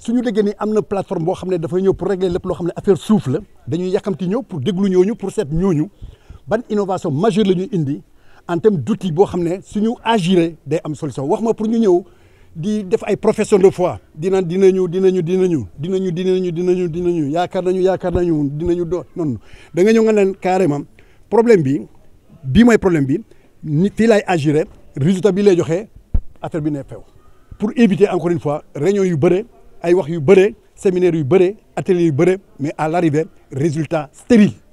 Si nous ni une plateforme pour régler les affaires affaire pour déglu pour cette ban innovation majeure de nous en terme d'outils, si nous suñu solution pour nous de foi nous problème bi bi moy problème bi résultat bi affaire pour éviter encore une fois réunion ay wax yu bëree séminaire yu atelier yu mais à l'arrivée résultat stérile